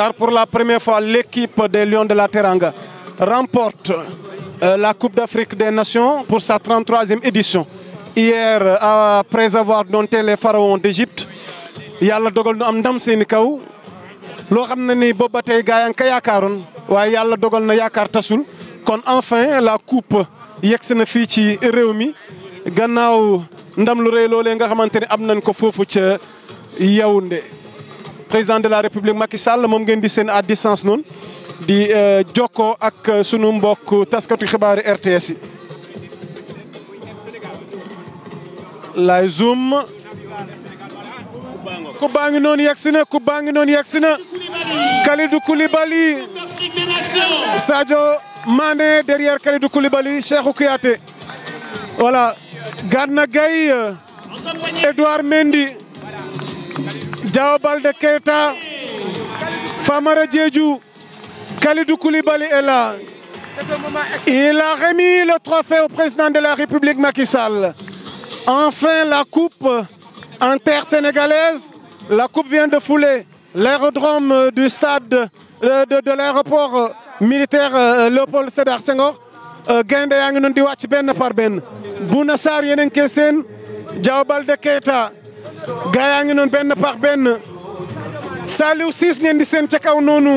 car pour la première fois l'équipe des Lions de la Teranga remporte euh, la Coupe d'Afrique des Nations pour sa 33e édition. Hier, après avoir dompté les pharaons d'Égypte yàlla dogal nu am ndam seeni kaw loo xam ne ni boobu ba tey gaa yaakaaroon waaye yàlla dogal na yaakaar tasul kon enfin la coupe yegsi na fii ci réew mi gannaaw ndam lu rëy loolee nga xamante ne am nañ ko foofu ca nde président de la république Macky Sall moom ngeen di seen à distance noonu di euh, jokkoo ak euh, sunu mbokk taskatu xibaaru RTS lay zoom ku baa ngi noonu yegg si na ku baa ngi noonu yegg si na Kalidou Koulibaly Sadio Mané derrière Kalidou Diao Baldé Keita Famara Diédhiou Kalidou Koulibaly est là il a remis le trophée au président de la République Macky enfin la coupe en la coupe vient de fouler l'aérodrome du stade euh, de l'aéroport militaire euh, Léopold Sédar Senghor euh, gaynde yaa ngi noonu di wàcc benn par benn Bouna Sarr yeneen kee seen Diao Baldé gaa yaa ngi benn par benn Saliou Ciss ngeen di seen ca kaw noonu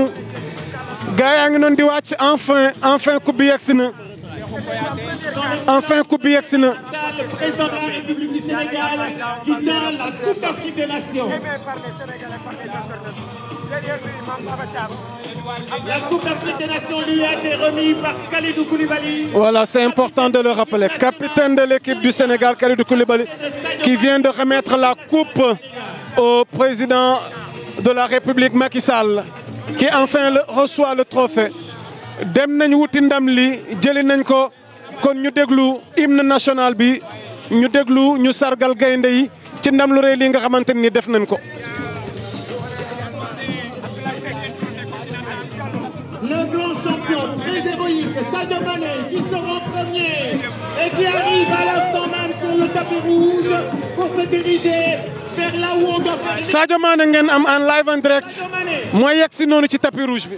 gaa yaa ngi noonu di wàcc enfin enfin coupe bi yegsi na enfin coupe bi yegsi la Coupe d'Afrique des Nations. lui a été remise par Kalidou Koulibaly. Voilà, c'est important de le rappeler. Capitaine de l'équipe du Sénégal, Kalidou Koulibaly, qui vient de remettre la coupe au président de la République Macky qui enfin reçoit le trophée. dem nañu wuti ndam li jëli nañ ko kon ñu déglu hymne national bi ñu déglu ñu sargal gaynde yi ci ndam lu rëy lii nga xamante ni def nañ ko. Le grand champion très ngeen am en live en direct mooy yegg si noonu ci tapis rouge bi.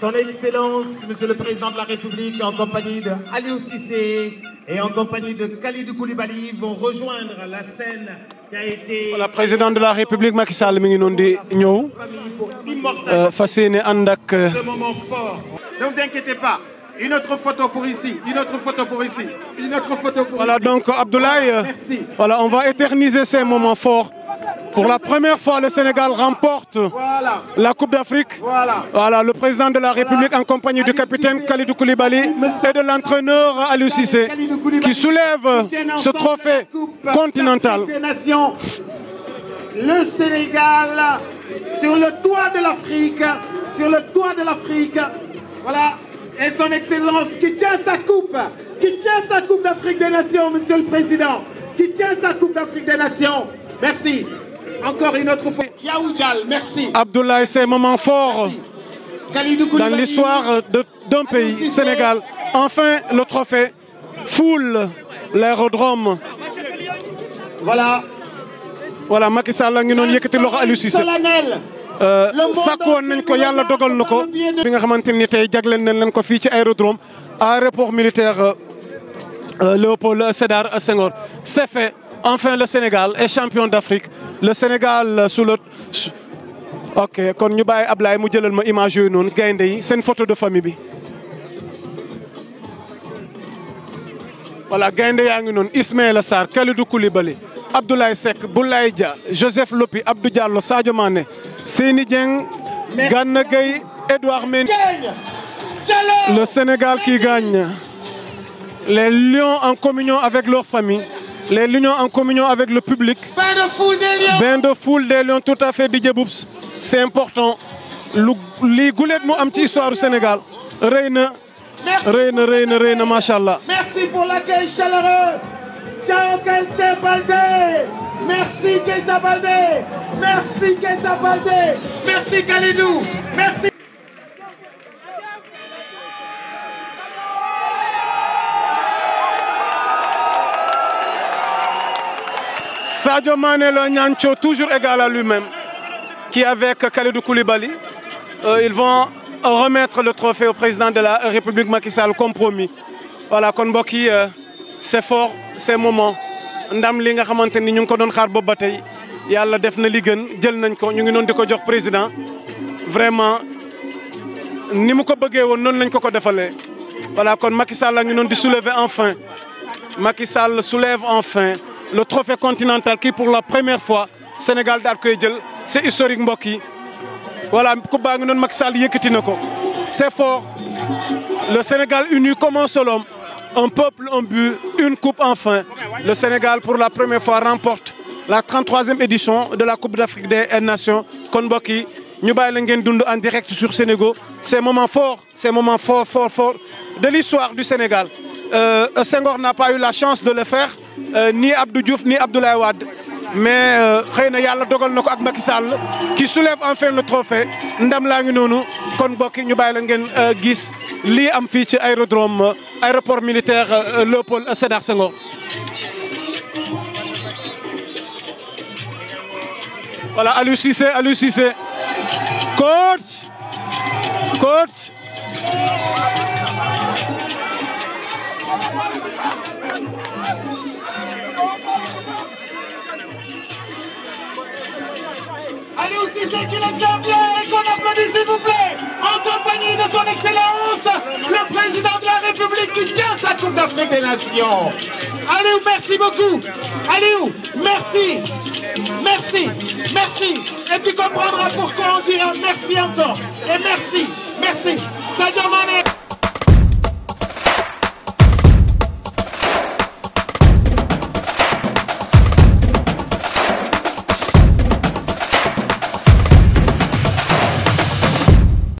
Son Excellence, Monsieur le Président de la République, en compagnie de Aliou Cissé et en compagnie de Khalidou Koulibaly, vont rejoindre la scène qui a été. la présidente de la République Macky Sall mi ngi noonu di ñëw. Euh, fas yéene ànd ak. Euh, ce moment fort. ne vous inquiétez pas. une autre photo pour ici une autre photo pour ici une autre photo pour. voilà donc Abdoulaye. Euh, merci voilà on va éterniser ces moments forts. Pour la première fois, le Sénégal remporte voilà. la Coupe d'Afrique. Voilà. voilà. le président de la République en compagnie du capitaine Khalidou Koulibaly et de l'entraîneur Aliou Cissé qui soulève ce trophée continental. Le Sénégal sur le toit de l'Afrique, sur le toit de l'Afrique. Voilà, et son excellence qui tient sa coupe, qui tient sa Coupe d'Afrique des Nations, monsieur le président, qui tient sa Coupe d'Afrique des Encore une autre fois. Yaou Dial, merci. Abdoulaye, c'est un moment fort merci. dans l'histoire d'un pays, Sénégal. Enfin, le trophée foule l'aérodrome. Voilà. Voilà, Macky ngi noon yëkkati loxo Aliou Cissé. sàkk euh, woon nañ ko yàlla dogal na ko. bi nga xamante ni tey jagleen nañ leen ko fii ci aérodrome aéroport militaire euh, Léopold Sédar Senghor c'est fait. Enfin, le Sénégal est champion d'Afrique. Le Sénégal euh, sous ok kon ñu bàyyi Ablaye mu jëlal ma image yooyu noonu gaynde yi seen photo de famille bi voilà gaynde yaa ngi noonu Ismaïla Sarr Kalidou Koulibaly Abdoulaye Seck Boulaye Dia Joseph Lopi Abdou Diallo Sadio Mané Seyni Dieng Gana Gueye Edouard le Sénégal qui gagne les lions en communion avec leur famille les lions en communion avec le public. bain de foule tout à fait DJ Boubs c' est important lu lii guleet mu am ci histoire du Sénégal rëy na. rëy na rëy na rëy na macha allah. merci pour l'accueil chaleureux. Ciao Keita Baldé. merci Keita Baldé. merci Keita Baldé. merci Kalidou. merci. Sadio Mané le Niancho, toujours égal à lui-même, qui avec Khalidou Koulibaly, euh, ils von remettre le trophée au président de la République Macky Sall compromis voilà kon mbokk yi euh, c'est fort c'est moment ndam li nga xamante ni ñu ngi ko doon xaar boobu ba tey yàlla def na li gën jël nañ ko ñu ngi doon di ko jox président vraiment ni mu ko bëggee woon noonu lañ ko ko defalee. voilà kon Macky Sall a ngi doon di soulever enfin Macky Sall soulève enfin. le trophée continental qui pour la première fois Sénégal daal koy jël c'est historique mbokk yi voilà coupe baa ngi noonu Macky Sall yëkkati na ko c'est fort le Sénégal uni comme un seul homme un peuple un but une coupe enfin le Sénégal pour la première fois remporte la 33e édition de la Coupe d'Afrique des Nations kon mbokk yi ñu bàyyi la ngeen dund en direct sur Sénégo ces moments forts ces moment forts forts forts de l'histoire du Sénégal Euh, Senghor n'a pas la chance de le faire euh, ni Abdou Diouf ni Abdoulaye Wade mais euh, xëy na yàlla dogal na ko ak Macky Sall qui soulève enfin trophée ndam laa ngi noonu kon mbokki ñu bàyyi la ngeen euh, gis lii am fii ci aérodrome aéroport militaire euh, Léopold Sédar Senghor. voilà Aliou Cissé Aliou Cissé coach coach. Aliou Cissé qui le champion et qu'on applaudit s'il vous plaît en compagnie de son excellence le président de la République qui tient sa Coupe d'Afrique des Nations. Aliou merci beaucoup Aliou merci merci merci et tu comprendras pourquoi on dira merci encore et merci merci Sadio Mané